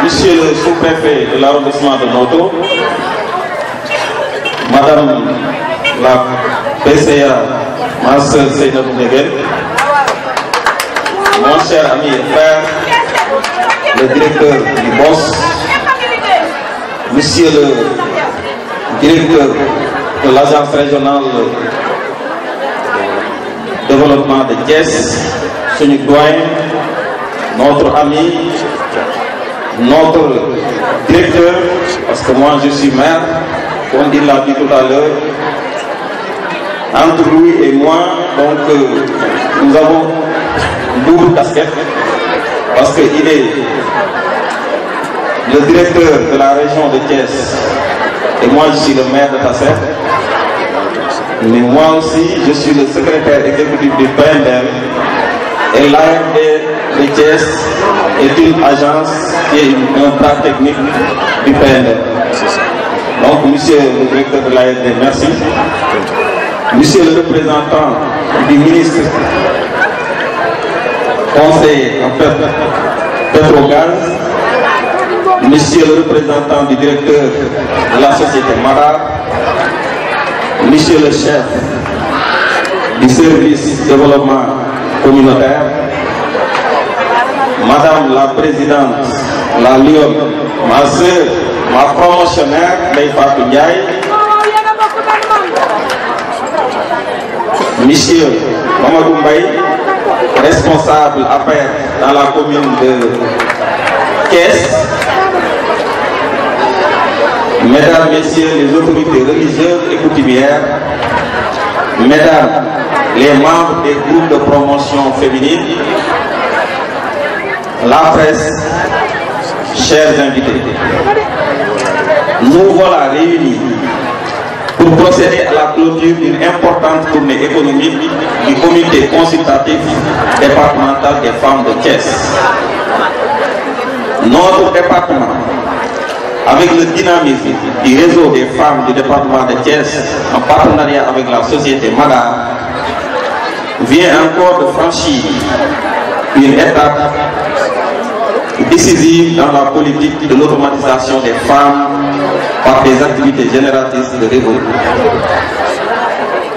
Monsieur le sous-préfet de l'arrondissement de Noto, Madame la PCA, Marcel soeur mon cher ami et frère, le directeur du BOSS, Monsieur le directeur de l'agence régionale de développement de Thiès, Sonic Douane, notre ami notre directeur, parce que moi je suis maire, comme il l'a dit tout à l'heure, entre lui et moi, donc euh, nous avons double casquette, parce qu'il est le directeur de la région de Thiès, et moi je suis le maire de Tasset. Mais moi aussi, je suis le secrétaire exécutif du PNL et l'AMD de Thiès est une agence un bras technique du PNL. Donc, monsieur le directeur de l'AFD, merci. Monsieur le représentant du ministre conseiller en fait, Monsieur le représentant du directeur de la société Mara, Monsieur le chef du service développement communautaire, Madame la présidente la Lyon, ma soeur, ma promotionnaire, Monsieur Mamadou responsable responsable affaires dans la commune de Caisse. Mesdames, Messieurs les autorités religieuses et coutumières, Mesdames, les membres des groupes de promotion féminine, la presse, chers invités, nous voilà réunis pour procéder à la clôture d'une importante tournée économique du comité consultatif départemental des femmes de caisse Notre département, avec le dynamisme du réseau des femmes du département de caisse en partenariat avec la société MADA, vient encore de franchir une étape décisive dans la politique de l'automatisation des femmes par des activités génératrices de révolution.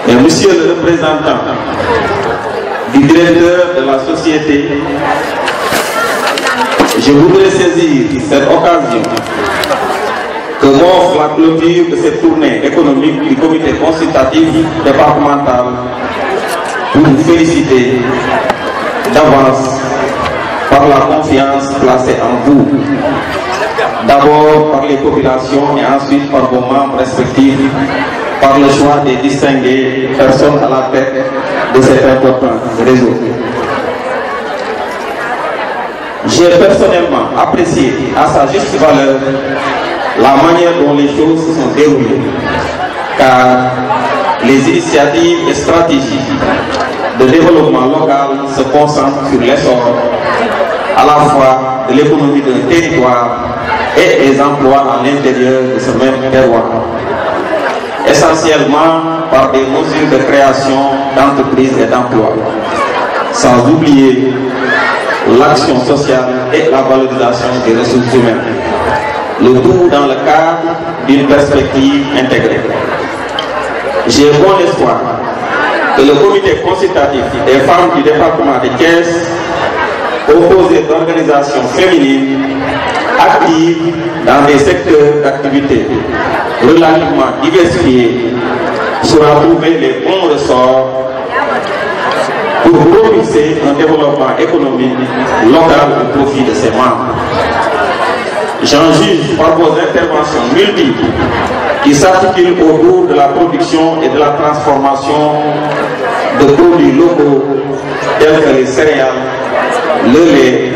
Et monsieur le représentant du directeur de la société, je voudrais saisir cette occasion que m'offre la clôture de cette tournée économique du comité consultatif départemental pour vous féliciter d'avance par la confiance placée en vous. D'abord par les populations et ensuite par vos membres respectifs, par le choix des distinguer personnes à la tête de cet important réseau. J'ai personnellement apprécié à sa juste valeur la manière dont les choses se sont déroulées, car les initiatives et stratégies de développement local se concentrent sur l'essor à la fois de l'économie d'un territoire et des emplois à l'intérieur de ce même territoire. Essentiellement par des mesures de création d'entreprises et d'emplois. Sans oublier l'action sociale et la valorisation des ressources humaines. Le tout dans le cadre d'une perspective intégrée. J'ai bon espoir que le comité consultatif des femmes du département de caisses opposé d'organisations féminines actives dans des secteurs d'activité relativement diversifiés sera trouver les bons ressorts pour propulser un développement économique local au profit de ses membres. J'en juge par vos interventions multiples qui s'articulent autour de la production et de la transformation de produits locaux tels que les céréales, le lait,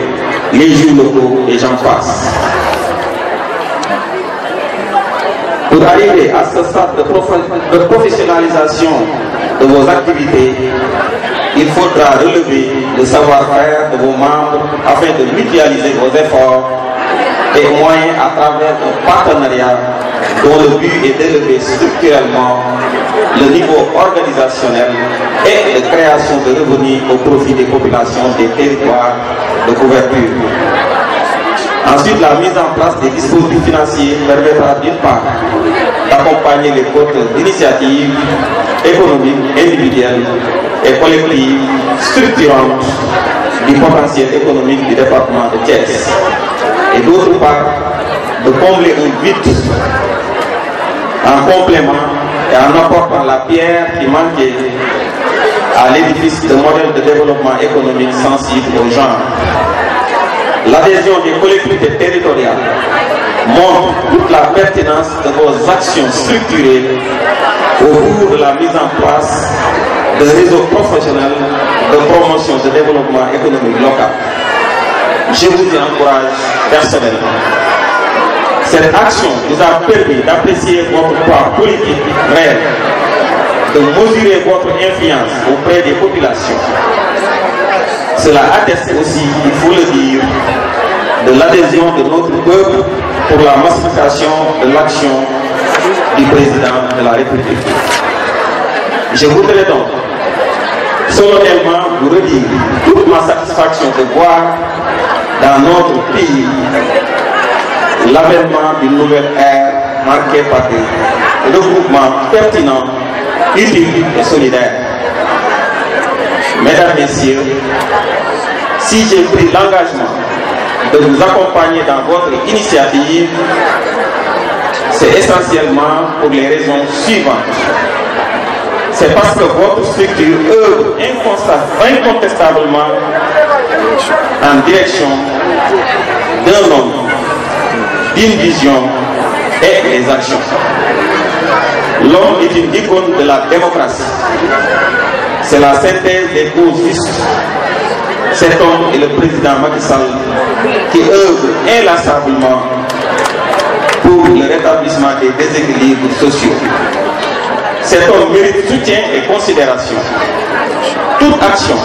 les jus locaux et j'en passe. Pour arriver à ce stade de professionnalisation de vos activités, il faudra relever le savoir-faire de vos membres afin de mutualiser vos efforts et moyens à travers un partenariat dont le but est d'élever structurellement le niveau organisationnel et de création de revenus au profit des populations des territoires de couverture. Ensuite, la mise en place des dispositifs financiers permettra d'une part d'accompagner les côtes d'initiatives économiques, individuelles et collectives structurantes du potentiel économique du département de Thiès et d'autre part de combler un vide en complément et en apportant la pierre qui manquait à l'édifice de modèle de développement économique sensible au genre. L'adhésion des collectivités territoriales montre toute la pertinence de vos actions structurées au cours de la mise en place de réseaux professionnels de promotion de développement économique local. Je vous encourage personnellement. Cette action nous a permis d'apprécier votre part politique réelle, de mesurer votre influence auprès des populations. Cela atteste aussi, il faut le dire, de l'adhésion de notre peuple pour la massification de l'action du président de la République. Je voudrais donc solennellement vous redire toute ma satisfaction de voir dans notre pays l'avènement d'une nouvelle ère marquée par des regroupements pertinents, utiles et solidaire. Mesdames, Messieurs, si j'ai pris l'engagement de vous accompagner dans votre initiative, c'est essentiellement pour les raisons suivantes. C'est parce que votre structure œuvre incontestablement en direction d'un homme une vision et des actions. L'homme est une icône de la démocratie. C'est la synthèse des causes justes. Cet homme est le président Macky Sall qui œuvre inlassablement pour le rétablissement des déséquilibres sociaux. Cet homme mérite soutien et considération. Toute action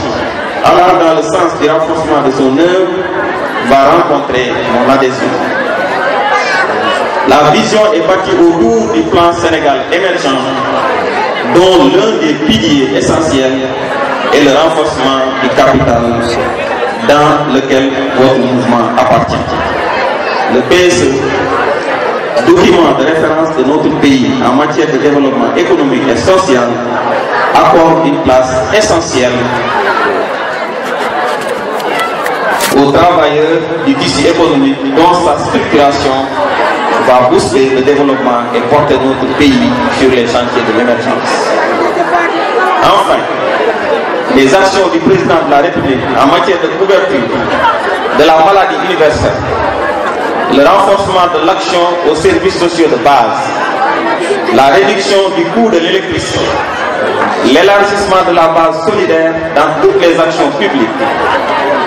alors dans le sens du renforcement de son œuvre va rencontrer mon adhésion. La vision est bâtie autour du plan Sénégal émergent, dont l'un des piliers essentiels est le renforcement du capital dans lequel votre mouvement appartient. Le PSE, document de référence de notre pays en matière de développement économique et social, accorde une place essentielle aux travailleurs du tissu économique dans sa structuration va booster le développement et porter notre pays sur les chantiers de l'émergence. Enfin, les actions du président de la République en matière de couverture de la maladie universelle, le renforcement de l'action aux services sociaux de base, la réduction du coût de l'électricité, l'élargissement de la base solidaire dans toutes les actions publiques,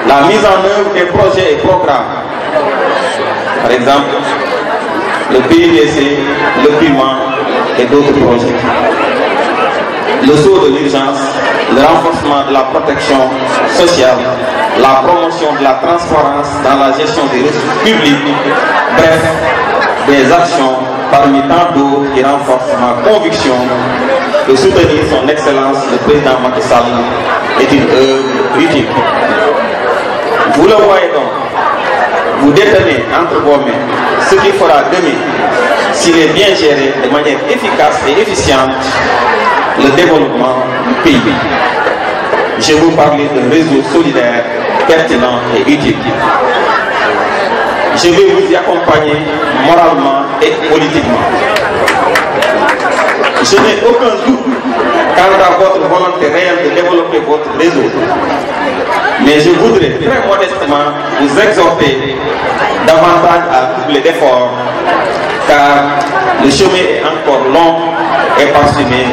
la mise en œuvre des projets et programmes, par exemple le PIDC, le PIMA et d'autres projets. Le saut de l'urgence, le renforcement de la protection sociale, la promotion de la transparence dans la gestion des ressources publiques, bref, des actions parmi tant d'autres qui renforcent ma conviction de soutenir son excellence le président Macky est une œuvre utile. Vous le voyez donc, vous détenez, entre vos mains ce qui fera demain, s'il est bien géré de manière efficace et efficiente, le développement du pays. Je vous parler d'un réseau solidaire, pertinent et utile. Je vais vous y accompagner moralement et politiquement. Je n'ai aucun doute car à votre volonté réelle de développer votre réseau, mais je voudrais très modestement vous exhorter davantage à doubler d'efforts, car le chemin est encore long et parsemé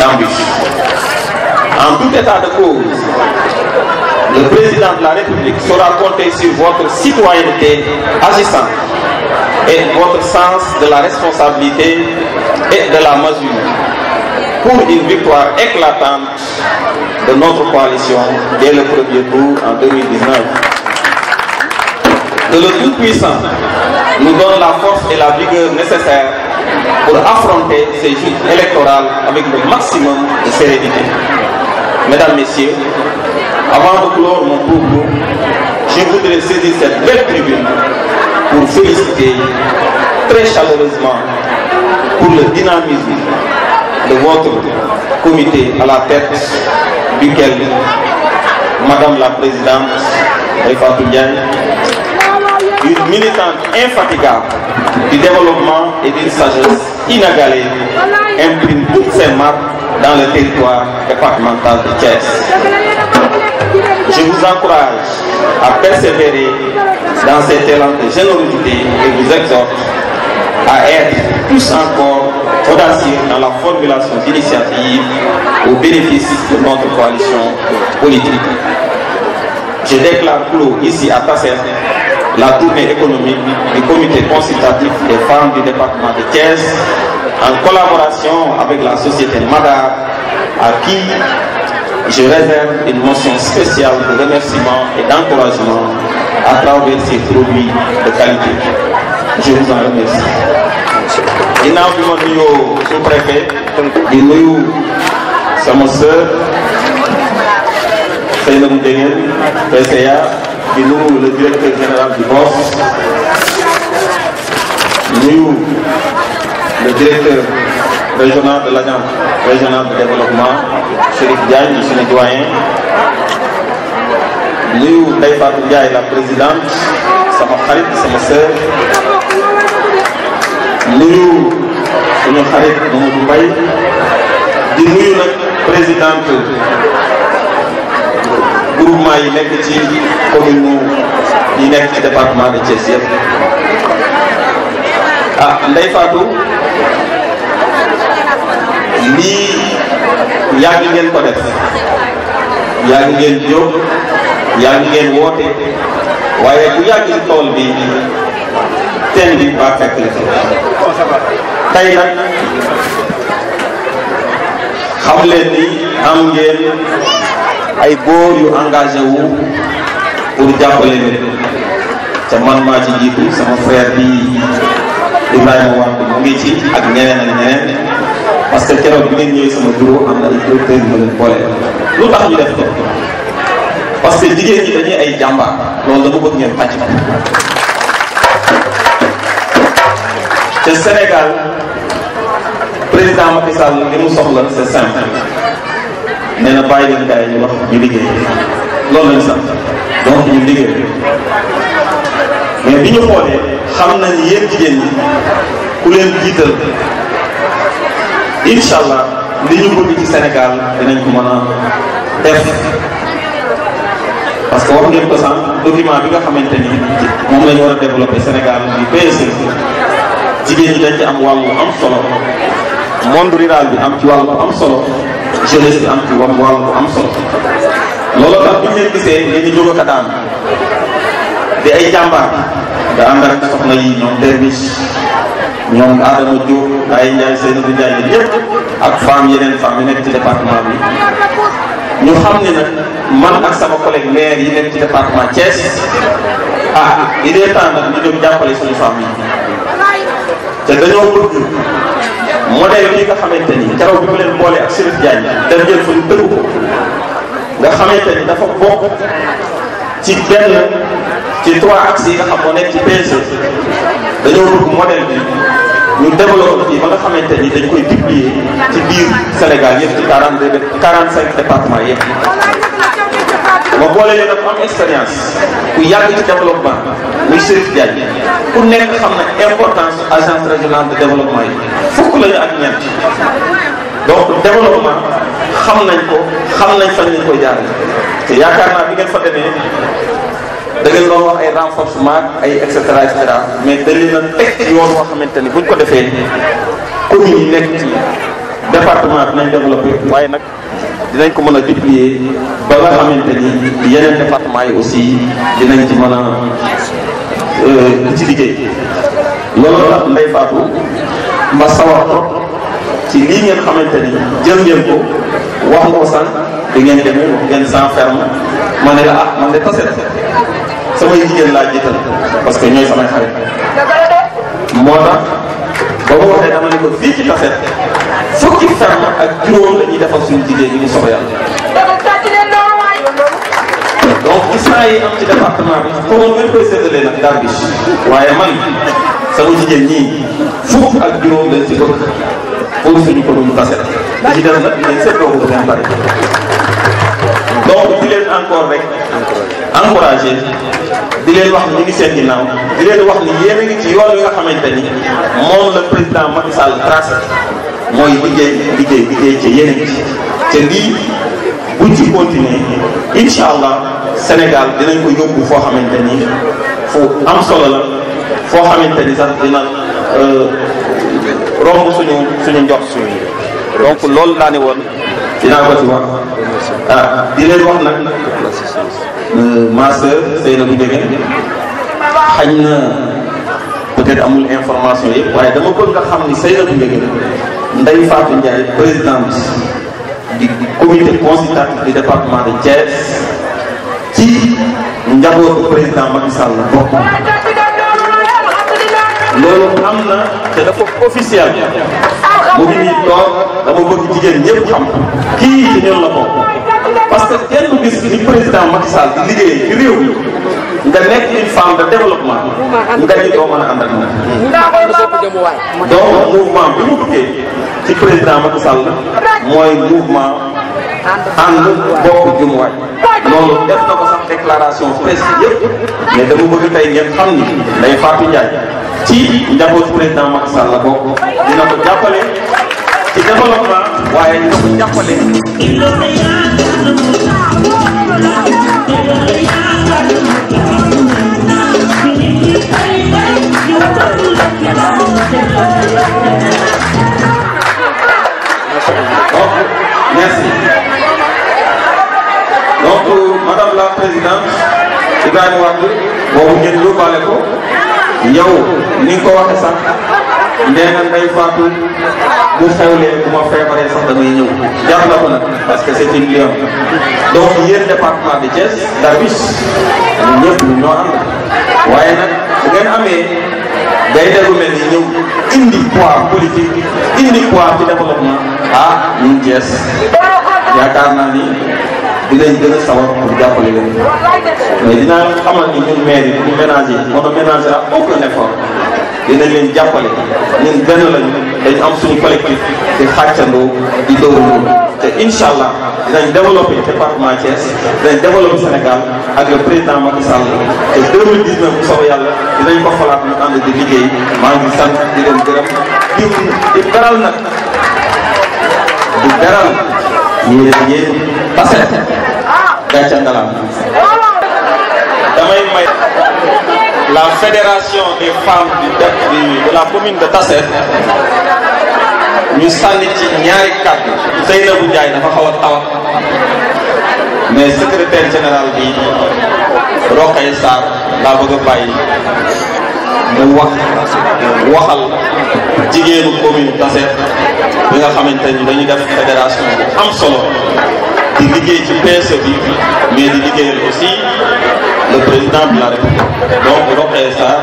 d'ambition. En tout état de cause, le président de la République saura compter sur votre citoyenneté agissante et votre sens de la responsabilité et de la mesure pour une victoire éclatante de notre coalition dès le premier tour en 2019. Que le Tout-Puissant nous donne la force et la vigueur nécessaires pour affronter ces joutes électorales avec le maximum de sérénité. Mesdames, Messieurs, avant de clore mon propos, je voudrais saisir cette belle tribune pour féliciter très chaleureusement pour le dynamisme de votre comité à la tête duquel Madame la Présidente Rifatou une militante infatigable du développement et d'une sagesse inégalée, imprime toutes ses marques dans le territoire départemental de Thiès. Je vous encourage à persévérer dans cet élan de générosité et vous exhorte à être plus encore la formulation d'initiatives au bénéfice de notre coalition politique. Je déclare clos ici à Tassel la tournée économique du comité consultatif des femmes du département de Thiès en collaboration avec la société Madar à qui je réserve une mention spéciale de remerciement et d'encouragement à travers ces produits de qualité. Je vous en remercie. ginaaw bi ma nuyoo su préfet di nuyu sama sœur Seydou Dengel PCA di nuyu le directeur général du BOS nuyu le directeur régional de l'agence régional de développement Chérif Diagne du Sénégal doyen nuyu Ndeye Fatou Ndiaye la présidente sama xarit sama sœur nuyu suñu xarit Mamadou Mbaye di nuyu nag présidente groupement yi nekk ci commune yi nekk ci département de Thiès yëpp ah Ndeye Fatou lii ngeen ko def yàgg ngeen jóg yàgg ngeen woote waaye bu yàgg ci tool bi kenn bi ba fekk la ci tey nag xam leen ni am ngeen ay góor yu engagé wu pour nit man ci sama frère bi Ibrahima Wade mu ngi ci ak ñeneen ak ñeneen parce que bi ngeen sama bureau am na ay directeur yu leen boole lu tax ñu def ko parce que jigéen ñi dañuy ay loolu dama bëgg ngeen te Sénégal président Macky Sall li soxla c'est simple nee na bàyyi leen ñu wax ñu liggéey loolu lañ sant donc ñu liggéey mais bi ñu xoolee xam nañ yéen jigéen ñi ku leen jiital incha li ñu bëgg ci Sénégal dinañ ko mën a def parce que wax ngeen ko sànq bi nga xamante ni moom la war a développer Sénégal bi PSE. jigéen ñi dañ ci am wàll am solo monde rural bi am ci wàll bu am solo jeunesse bi am ci wàll bu am solo loolu tax buñ leen gisee dañu jóg ka daan di ay jàmbaar da ànd ak soxna yi ñoom dermis ñoom adama diop ay njaay seen di njaay ñëpp ak femme yeneen femme yi nekk ci département bi ñu xam ne man ak sama collègue maire yi nekk ci département Thiès ah il est temps nag ñu jóg jàppale suñu femme te dañoo bëgg modèle bi nga xamante ni keroog bi leen boole ak Serigne Diagne def ngeen fa ñu dëgg ko nga xamante ni dafa bokk ci benn ci trois axes yi nga nekk ci PSE dañoo bëgg modèle bi ñu développé fii ba nga xamante ni dañ koy duplier ci biir Sénégal yëpp ci quarante deux quarante cinq départements yëpp. ma boole leen ak am expérience ku yàgg ci développement muy Serif Diagne ku nekk xam na importance agence régionale de développement yi fukk la ñu ak ñeent donc développement xam nañ ko xam nañ fan lañ koy jaarale te yaakaar naa bi ngeen fa demee da ngeen doon wax ay renforcement ay et cetera et mais dañu na teg yoon boo xamante ni buñ ko defee commune yi nekk ci département bi nañ développé waaye nag. dinañ ko mën a duplier bala nga xamante ni yeneen département yi aussi dinañ ci mën a euh, ci liggéey loolu tax Ndeye Fatou ma sawar trop ci lii ngeen xamante ni jël ngeen ko wax nga ko sànq ngeen demee ngeen san ferme ma ne la ah man de tase samay jigéen laa jiital parce que ñooy samay xarit moo tax ba ma waxee dama ne ko fii ci tase fukki ferme ak juróom la ñuy defal suñu jigéen ñi mu soxla yàlla donc gis naa yi am ci département bi xamoon ngeen koy séddalee nag daal bi waaye man sama jigéen ñii fukk ak juróom lañ ci bëgg pour suñu commune Bassel li ci def nag dinañ seetloo ko gën a bari donc di leen encore rek encouragé di leen wax ñu ngi seen ginnaaw di leen wax ni yéen a ngi ci yoon yi nga xamante ni moom la président Macky Sall tracé mooy liggéey liggéey liggéey ca yeneen ci te lii buñ ci continuer incha allah Sénégal dinañ ko yóbbu foo xamante ni fu am solo la foo xamante ni sax dina euh, romb suñu suñu njox suñu donc loolu laa ne woon dinaa ko ci wax ah di leen wax nag euh, ma sœur Seyna bu Ndiéguène xañ na peut-être amul information yi waaye dama bëgg nga xam ni Seyna bu Ndiéguène Ndeye Fatou Ndiaye présidente du comité consultatif du département de Thiès ci njabootu président Macky Sall bokk loolu am na te dafa officiel mu ngi nii toog dama bëgg jigéen ñëpp xam kii ci la bokk parce que kenn gis ni président Macky Sall di liggéey ci réew mi nga nekk une femme de développement nga ni doo mën a ànd ak mouvement bi mu ci président Macky Sall un mouvement bokk def na sax déclaration presse mais dama bëgg tay ñepp xam ni lay Fatou Ndiaye ci président Macky Sall la bokk dina ko ci développement waye ñu ko Thank you. Merci. Donc, euh, Madame la Présidente Ibrahima Wade boobu ngeen yóbbaale ko yow ni nga ko waxee sax nee na Ndeye Fatou bu xewlee bu ma feebaree sax damay ñëw jar na ko parce que c'est une lionne donc yéen département de Thiès Darwish ñun ñëpp ñu ñoo ànd waaye nag bu ngeen amee day dellu mel ñëw indi poids politique indi poids ci développement. ah mu Thiès yaakaar naa ni dinañ gën a sawar pour jàppale leen mais dinaa xamal ni ñun maire moo pour ménager on ne ménagera dinañ leen jàppale ñun benn lañu dañ am suñu collectif di xàccandoo di dóorandoo te incha allah dinañ développé département Thiès dinañ développé Sénégal ak le président Macky Sall te 2019 bu soobee yàlla dinañ ko xalaat ñu ànd di liggéey maa ngi sant di leen gërëm di di baral nag. du dara yéen a yéen parce damay may la fédération des femmes du de la commune de Tassette ñu sànni ci ñaari kàddu Seynabou Ndiaye dafa xaw a tawat mais secrétaire général bi Rokhaya Sarr laa bëgg bàyyi mu wax waxal jigéenu commune Kassette bi nga xamante ni dañu def fédération bu am solo di liggéey ci PSE bi mais di liggéeyal aussi le président de la République donc Rokhaya Sarr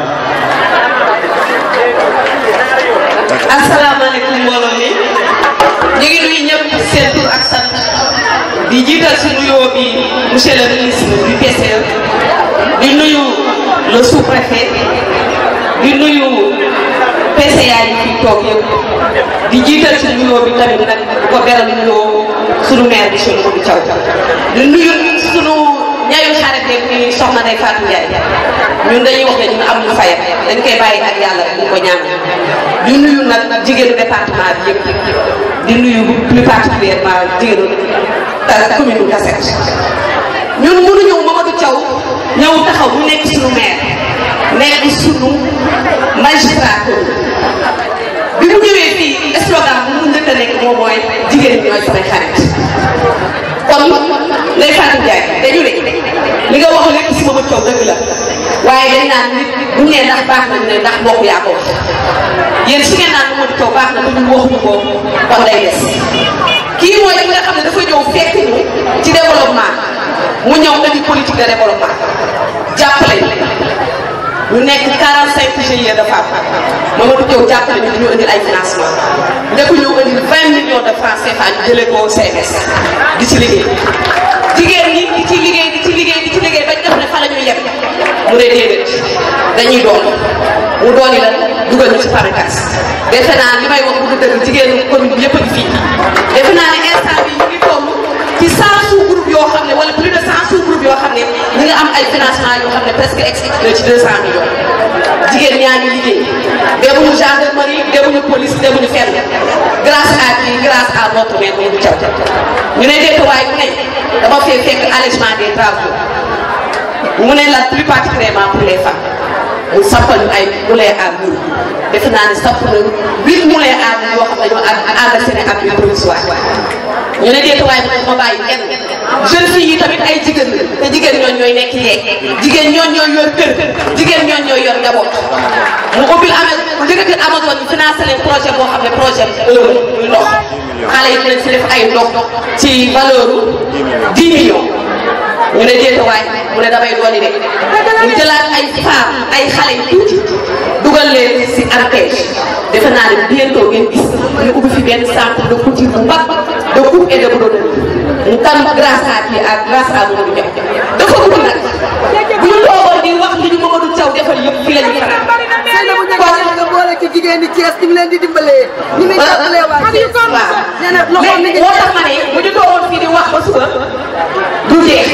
asalaamaaleykum mbooloo mi ngi nuyu ñëpp seen tur ak sant di jiital suñu yoo bi monsieur le ministre du PSE di nuyu le sous-préfet di nuyu PCA yi fi di jiital suñu nuyoo bi tamit bu ko beral nuyoo suñu maire bi suñu Modou Thiaw di nuyu suñu ñaayu xarit yëpp ñuy soxna Ndeye Fatou Ndiaye ñun dañuy wax ne ñun amuñu fayam dañ koy bàyyi ak yàlla ñu ko ñaan di nuyu nag jigéenu département bi yëpp di nuyu plus particulièrement jigéenu commune Kassette ñun mënuñu Mamadou Thiaw ñëw taxaw mu nekk suñu maire mais di sunu magistrature bi mu ñëwee fii slogan bu mu a nekk moom mooy jigéen ñi ñooy samay xarit kon Ndeye Fatou Ndiaye dañu ne li nga wax lépp si ma coow dëgg la waaye dañ naan nit bu ñu ndax baax na ñu ne ndax mbokk yaa ko wax yéen su ngeen naan ma coow baax na ba ñu nga xam ne dafa ñëw fekk ñu ci mu ñëw indi politique mu nekk 45 GIE de a Mamadou Thiaw jàppale ñu ñu indil ay financement njëkk ñu indil 20 millions de francs CFA ñu jëlee ko CNS di ci liggéey jigéen ñi di ci liggéey di ci liggéey di ci liggéey bañ def ne fa la yem mu ne déedéet dañuy doon mu doon lan dugal ñu ci PAMECAS defe naa li may wax bu dëgg jigéen commune bi yëpp a ngi fii defe naa ne instant ñu ngi toll ci yoo xam ne ñu ngi am ay financement yoo xam ne presque excédé na ci 200 millions jigéen ñaa ngi liggéey demuñu gendarmerie demuñu police demuñu fenn grâce à qui grâce à notre maire Mamadou Thiaw ñu ne déet waaye ku ne dama fee fekk allègement des travaux mu ne la plus particulièrement pour les femmes mu sampal ñu ay moulins à mur defe naa ne samp na huit moulins à mur yoo xam ne ñoo ànd ànd ak seen i abri provisoire ñu ne déet waaye ma bàyyi kenn. jeunes filles yi tamit ay jigéen te jigéen nekk yeeg jigéen ñooñ ñooy yor kër jigéen ñooñ ñooy yor njaboot mu ubbil amel njëkkati Amazone bi financé leen projet boo xam ne projet euro muy ndox xale yi dinañ si ay ndox ci valeur u 10 ne déeta waay mu ne damay dooli rek ñu jëlaat ay femmes ay xale yu tuuti dugal leen si artège defe naa ne bientôt ngeen gis ñu ubbi fi benn centre de couture bu mag de coupe et de broderie mu tam grâce à kii ak grâce à Mamadou Dia dafa gudd nag bu ñu di wax li ñu Mamadou Thiaw defal yëpp fi la leen di dimbalee. ñu ah, ah. moo tax ma ne ñu toogoon fii di wax ba suba du jeex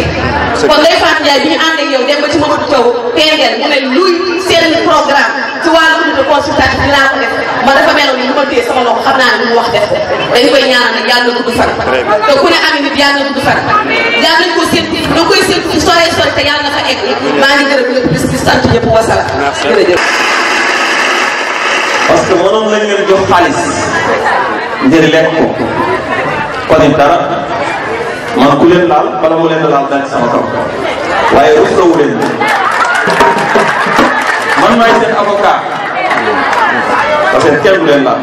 kon Ndeye Fatou Ndiaye bi ñu ànd ak yow dem ba ci Mamadou Thiaw PNL mu ne luy seen programme. wàllu unité consultative dinaa ko def ma dafa mel ni lu ma téye sama loxo xam naa ne lu mu wax def ko dañu koy ñaanal nag yàlla na gudd fan te ku ne am nit yàlla na gudd fan yàlla nañ ko séntu da koy séntu fu sore sore te yàlla na fa egg maa ngi gërëm ñëpp bis bi sant ñëpp wasala jërëjëf parce que mënoon nañ leen jox xaalis ngir lekk ko kon it dara man ku leen laal bala mu leen laal daal sama kaw waaye rus tawu leen man maay parce que kenn du leen laal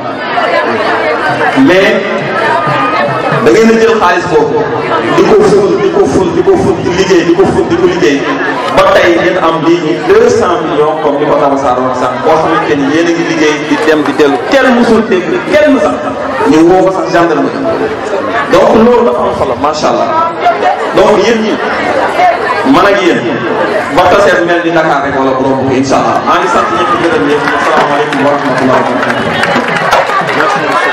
mais da ngeen a jël xaalis boobu di ko ful di ko ful di ko ful di liggéey di ko ful di ko liggéey ba tey ngeen am lii ñu sant millions comme ni ko Taba Sarr wax sax boo xamante ni yéen ngi liggéey di dem di dellu kenn musul dégg kenn mu sax ñu woo ko sax gendarmerie loolu dafa am solo macha allah donc yéen ñi. man ak yéen ba taseet mel ni Dakar rek wala borom bu incha allah maa ngi sant ñëpp gërëm ñëpp asalaamaaleykum wa rahmatulah.